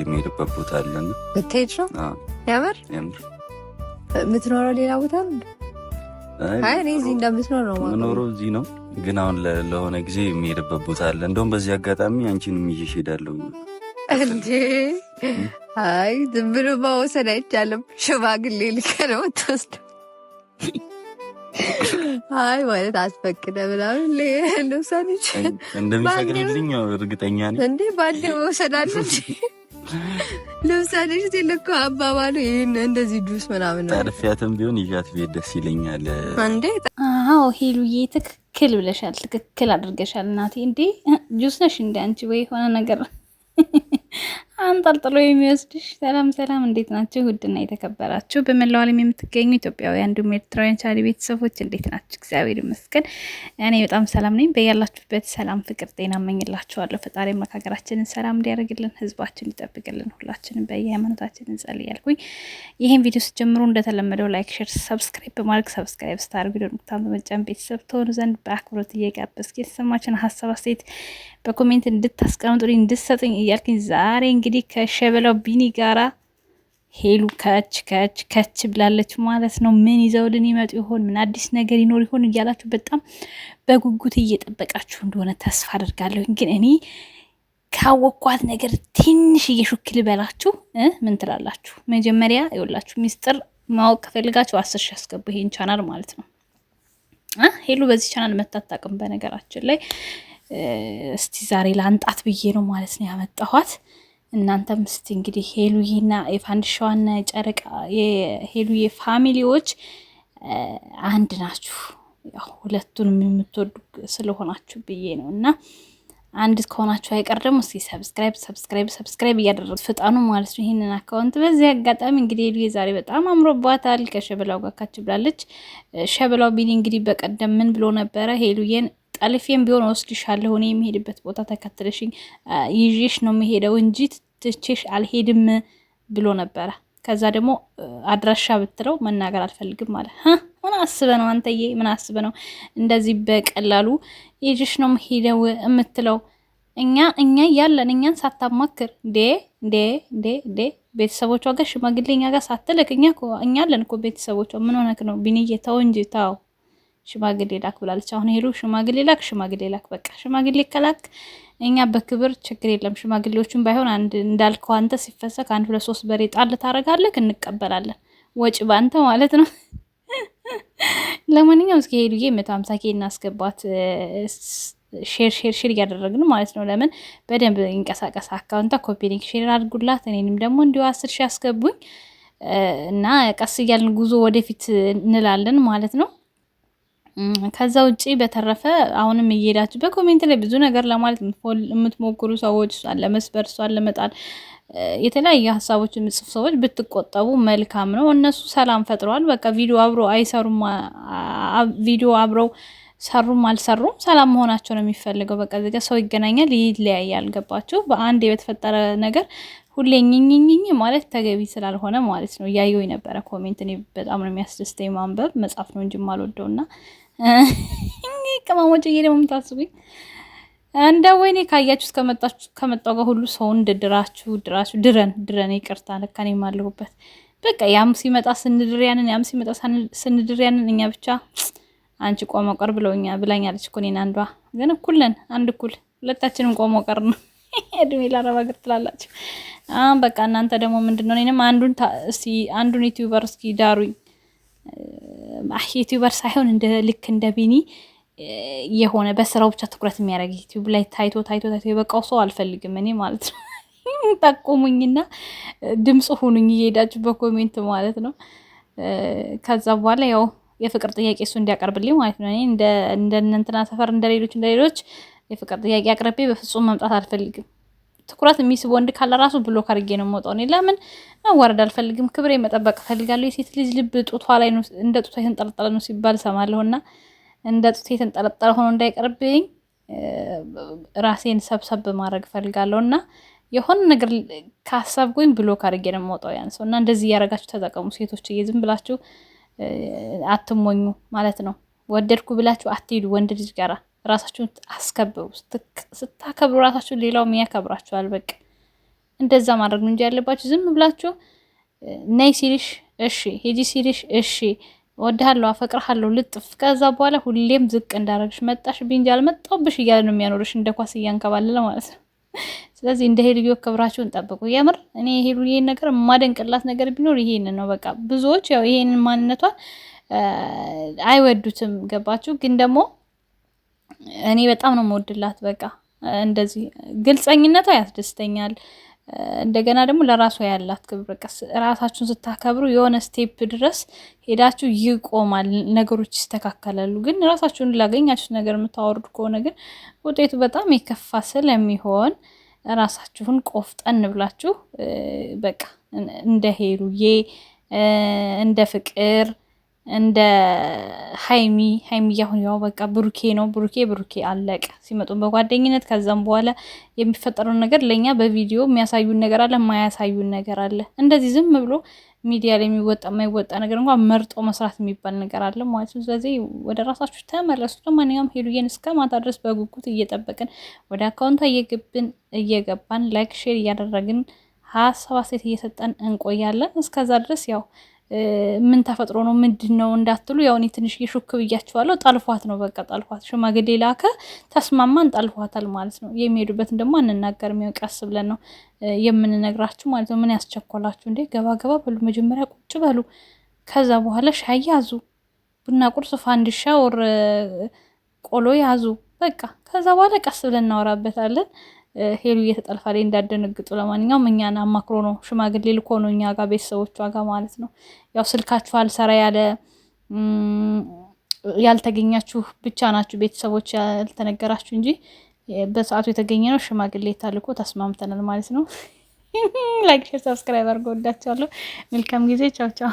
ጊዜ የሚሄድበት ቦታ አለና ብትሄድ ነው ያምር ያምር። የምትኖረው ሌላ ቦታ ነው? አይ እኔ እዚህ እንደምትኖር ነው የምኖረው እዚህ ነው፣ ግን አሁን ለሆነ ጊዜ የሚሄድበት ቦታ አለ። እንደውም በዚህ አጋጣሚ አንቺንም ይዤሽ እሄዳለሁ። እንዴ አይ ዝም ብሎ መውሰድ አይቻልም። ሽማግሌ ልከ ነው የምትወስደው። አይ ማለት አስፈቅደ ምናምን ልውሰን ይችል እንደሚፈቅድልኝ እርግጠኛ ነኝ። እንዴ ባንዴ መውሰድ አለ ለምሳሌ ሽት የለኩ አባባሉ ይህን እንደዚህ ዱስ ምናምን ነው። ጠርፊያትም ቢሆን ይዣት ቤት ደስ ይለኛል። እንዴ አዎ፣ ሄሉዬ ትክክል ብለሻል። ትክክል አድርገሻል እናቴ። እንዴ ጁስ ነሽ እንደ አንቺ ወይ የሆነ ነገር አንጠልጥሎ የሚወስድሽ። ሰላም ሰላም፣ እንዴት ናችሁ? ውድና የተከበራችሁ በመላው ዓለም የምትገኙ ኢትዮጵያውያን እንዲሁም ኤርትራውያን ቻሪ ቤተሰቦች እንዴት ናችሁ? እግዚአብሔር ይመስገን እኔ በጣም ሰላም ነኝ። በያላችሁበት ሰላም፣ ፍቅር፣ ጤና እመኝላችኋለሁ። ፈጣሪ አምላክ ሀገራችንን ሰላም እንዲያደርግልን፣ ህዝባችን እንዲጠብቅልን፣ ሁላችንም በየሃይማኖታችን እንጸልይ ያልኩኝ ይህን ቪዲዮ ስጀምሮ እንደተለመደው ላይክ፣ ሼር፣ ሰብስክራይብ በማድረግ ሰብስክራይብ ስታደርጉ ደሞታን በመጫን ቤተሰብ ትሆኑ ዘንድ በአክብሮት እየጋበዝኩ የተሰማችን ሀሳብ አስተያየት በኮሜንት እንድታስቀምጡልኝ እንድትሰጡኝ እያልኩኝ ዛሬ እንግዲህ እንግዲህ ከሸበላው ቢኒ ጋራ ሄሉ ከች ከች ከች ብላለች ማለት ነው። ምን ይዘውልን ይመጡ ይሆን? ምን አዲስ ነገር ይኖር ይሆን እያላችሁ በጣም በጉጉት እየጠበቃችሁ እንደሆነ ተስፋ አድርጋለሁ። ግን እኔ ካወኳት ነገር ትንሽ እየሹክ ልበላችሁ። ምን ትላላችሁ? መጀመሪያ ይወላችሁ ሚስጥር ማወቅ ከፈልጋችሁ አስር ሺ ያስገቡ ይሄን ቻናል ማለት ነው። ሄሉ በዚህ ቻናል መታታቅም በነገራችን ላይ እስቲ ዛሬ ላንጣት ብዬ ነው ማለት ነው ያመጣኋት። እናንተም ስቲ እንግዲህ ሄሉዬና የፋንድሻዋና ጨረቃ የሄሉዬ ፋሚሊዎች አንድ ናችሁ። ያው ሁለቱንም የምትወዱ ስለሆናችሁ ብዬ ነው እና አንድ ከሆናችሁ አይቀር ደግሞ እስኪ ሰብስክራይብ ሰብስክራይብ ሰብስክራይብ እያደረጉት ፍጣኑ ማለት ነው ይህንን አካውንት። በዚህ አጋጣሚ እንግዲህ ሄሉዬ ዛሬ በጣም አምሮባታል። ከሸበላው ጋር ካች ብላለች። ሸበላው ቢኒ እንግዲህ በቀደም ምን ብሎ ነበረ? ሄሉዬን ጠልፌም ቢሆን ወስድሻለሁ። እኔ የሚሄድበት ቦታ ተከትለሽኝ ይዤሽ ነው የምሄደው እንጂ ትቼሽ አልሄድም ብሎ ነበረ። ከዛ ደግሞ አድራሻ ብትለው መናገር አልፈልግም ማለት ምን አስበ ነው አንተዬ፣ ምን አስበ ነው እንደዚህ በቀላሉ ይዤሽ ነው የምሄደው የምትለው? እኛ እኛ ያለን እኛን ሳታማክር እንዴ እንዴ እንዴ እንዴ ቤተሰቦቿ ጋር ሽማግሌኛ ጋር ሳትልክ እኛ እኛ አለን እኮ ቤተሰቦቿ። ምን ሆነክ ነው ቢንዬ? ተው እንጂ ተው። ሽማግሌ ላክ ብላለች። አሁን ሄሉ ሽማግሌ ላክ፣ ሽማግሌ ላክ፣ በቃ ሽማግሌ ከላክ እኛ በክብር ችግር የለም። ሽማግሌዎችን ባይሆን አንድ እንዳልከው አንተ ሲፈሰክ አንድ ሁለት ሶስት በሬ ጣል ታደርጋለህ፣ እንቀበላለን። ወጪ ባንተ ማለት ነው። ለማንኛውም እስኪ ሄዱዬ መቶ ሀምሳ ኬ እናስገባት። ሼር ሼር ሼር እያደረግን ማለት ነው። ለምን በደንብ እንቀሳቀስ አካውንት ኮፒ ሊንክ ሼር አድርጉላት። እኔንም ደግሞ እንዲሁ አስር ሺ አስገቡኝ እና ቀስ እያልን ጉዞ ወደፊት እንላለን ማለት ነው። ከዛ ውጪ በተረፈ አሁንም እየሄዳችሁ በኮሜንት ላይ ብዙ ነገር ለማለት የምትሞክሩ ሰዎች እሷን ለመስበር እሷን ለመጣል የተለያዩ ሀሳቦች የምጽፍ ሰዎች ብትቆጠቡ መልካም ነው። እነሱ ሰላም ፈጥረዋል። በቃ ቪዲዮ አብሮ አይሰሩም። ቪዲዮ አብረው ሰሩም አልሰሩም ሰላም መሆናቸው ነው የሚፈልገው። በቃ ዚጋ ሰው ይገናኛል፣ ይለያያል። ገባችሁ? በአንድ በተፈጠረ ነገር ሁሌ ኝኝኝኝ ማለት ተገቢ ስላልሆነ ማለት ነው። እያየው የነበረ ኮሜንት እኔ በጣም ነው የሚያስደስተኝ ማንበብ መጽሐፍ ነው እንጂ ማልወደው እና ቅመሞች እየ ደግሞ የምታስቡኝ እንደ ወይኔ ካያችሁ ከመጣው ጋር ሁሉ ሰውን እንደ ድራችሁ ድራችሁ ድረን ድረን ይቅርታ ለካ እኔም አለሁበት። በቃ ያም ሲመጣ ስንድር ያንን ያም ሲመጣ ስንድር ያንን እኛ ብቻ አንቺ ቆሞ ቀር ብለውኛ ብላኛለች እኮ እኔን አንዷ ግን እኩል ነን አንድ እኩል ሁለታችንም ቆሞ ቀር ነው እድሜ ላረባ ግር ትላላችሁ። አሁን በቃ እናንተ ደግሞ ምንድነው እኔንም አንዱን እስቲ አንዱን ዩቲዩበር እስኪ ዳሩኝ። ዩቲዩበር ሳይሆን እንደ ልክ እንደ ቢኒ የሆነ በስራው ብቻ ትኩረት የሚያደርግ ዩቲዩብ ላይ ታይቶ ታይቶ ታይቶ የበቃው ሰው አልፈልግም እኔ ማለት ነው። ጠቁሙኝና ድምፅ ሁኑኝ እየሄዳችሁ በኮሜንት ማለት ነው። ከዛ በኋላ ያው የፍቅር ጥያቄ እሱ እንዲያቀርብልኝ ማለት ነው። እኔ እንደ እንትና ሰፈር እንደሌሎች እንደሌሎች የፍቅር ጥያቄ አቅርቤ በፍጹም መምጣት አልፈልግም። ትኩረት የሚስብ ወንድ ካለ ራሱ ብሎክ አድርጌ ነው የምወጣው። እኔ ለምን መዋረድ አልፈልግም፣ ክብሬ መጠበቅ እፈልጋለሁ። የሴት ልጅ ልብ ጡቷ ላይ ነው እንደ ጡቷ የተንጠለጠለ ነው ሲባል ሰማለሁ እና እንደ ጡት የተንጠለጠለ ሆኖ እንዳይቀርብኝ ራሴን ሰብሰብ ማድረግ እፈልጋለሁ እና የሆነ ነገር ካሰብኩኝ ብሎክ አድርጌ ነው የምወጣው ያን ሰው እና እንደዚህ እያደረጋችሁ ተጠቀሙ ሴቶች፣ ዝም ብላችሁ አትሞኙ ማለት ነው። ወደድኩ ብላችሁ አትሄዱ ወንድ ልጅ ጋራ ራሳችሁን አስከብሩ። ስታከብሩ ራሳችሁን ሌላውም ያከብራችኋል። በቃ እንደዛ ማድረግ ነው እንጂ ያለባችሁ ዝም ብላችሁ ነይ ሲልሽ እሺ፣ ሄጂ ሲልሽ እሺ፣ ወድሃለሁ፣ አፈቅርሃለሁ ልጥፍ። ከዛ በኋላ ሁሌም ዝቅ እንዳረግሽ መጣሽ ብኝ እንጂ አልመጣሁብሽ እያለ ነው የሚያኖርሽ፣ እንደ ኳስ እያንከባለለ ማለት ነው። ስለዚህ እንደ ሄልዮ ክብራችሁን ጠብቁ። የምር እኔ ሄሉ ይሄን ነገር የማደንቅላት ነገር ቢኖር ይሄንን ነው። በቃ ብዙዎች ያው ይሄንን ማንነቷን አይወዱትም፣ ገባችሁ ግን ደግሞ እኔ በጣም ነው የምወድላት። በቃ እንደዚህ ግልጸኝነቷ ያስደስተኛል። እንደገና ደግሞ ለራሷ ያላት ክብር በቃ ራሳችሁን ስታከብሩ የሆነ ስቴፕ ድረስ ሄዳችሁ ይቆማል፣ ነገሮች ይስተካከላሉ። ግን ራሳችሁን ላገኛችሁት ነገር የምታወርዱ ከሆነ ግን ውጤቱ በጣም የከፋ ስለሚሆን ራሳችሁን ቆፍጠን ብላችሁ በቃ እንደ ሄሉዬ እንደ ፍቅር እንደ ሀይሚ ሀይሚ እያሁን ያው በቃ ብሩኬ ነው ብሩኬ ብሩኬ አለቀ። ሲመጡ በጓደኝነት ከዛም በኋላ የሚፈጠረውን ነገር ለእኛ በቪዲዮ የሚያሳዩን ነገር አለ፣ የማያሳዩን ነገር አለ። እንደዚህ ዝም ብሎ ሚዲያ ላይ የሚወጣ የማይወጣ ነገር እንኳ መርጦ መስራት የሚባል ነገር አለ ማለት ነው። ስለዚህ ወደ ራሳችሁ ተመለሱ። ለማንኛውም ሄሉዬን እስከ ማታ ድረስ በጉጉት እየጠበቅን ወደ አካውንቷ እየግብን እየገባን ላይክ ሼር እያደረግን ሀሳብ አስተያየት እየሰጠን እንቆያለን። እስከዛ ድረስ ያው ምን ተፈጥሮ ነው ምንድን ነው እንዳትሉ፣ ያው እኔ ትንሽ ሹክ ብያችኋለሁ። ጠልፏት ነው በቃ ጠልፏት፣ ሽማግሌ ላከ፣ ተስማማን፣ ጠልፏታል ማለት ነው። የሚሄዱበትን ደግሞ አንናገርም፣ ያው ቀስ ብለን ነው የምንነግራችሁ ማለት ነው። ምን ያስቸኮላችሁ እንዴ? ገባ ገባ በሉ መጀመሪያ፣ ቁጭ በሉ፣ ከዛ በኋላ ሻይ ያዙ፣ ቡና፣ ቁርስ፣ ፋንዲሻ ወር ቆሎ ያዙ። በቃ ከዛ በኋላ ቀስ ብለን እናወራበታለን። ሄሉ እየተጠልፋ ላይ እንዳደነግጡ። ለማንኛውም እኛን አማክሮ ነው ሽማግሌ ልኮ ነው እኛ ጋር ቤተሰቦቿ ጋር ማለት ነው። ያው ስልካችሁ አልሰራ ያለ ያልተገኛችሁ ብቻ ናችሁ ቤተሰቦች ያልተነገራችሁ እንጂ በሰዓቱ የተገኘ ነው ሽማግሌ ታልኮ ተስማምተናል ማለት ነው። ላይክ፣ ሼር፣ ሰብስክራይብ አድርጎ ወዳቸዋለሁ። መልካም ጊዜ። ቻው ቻው።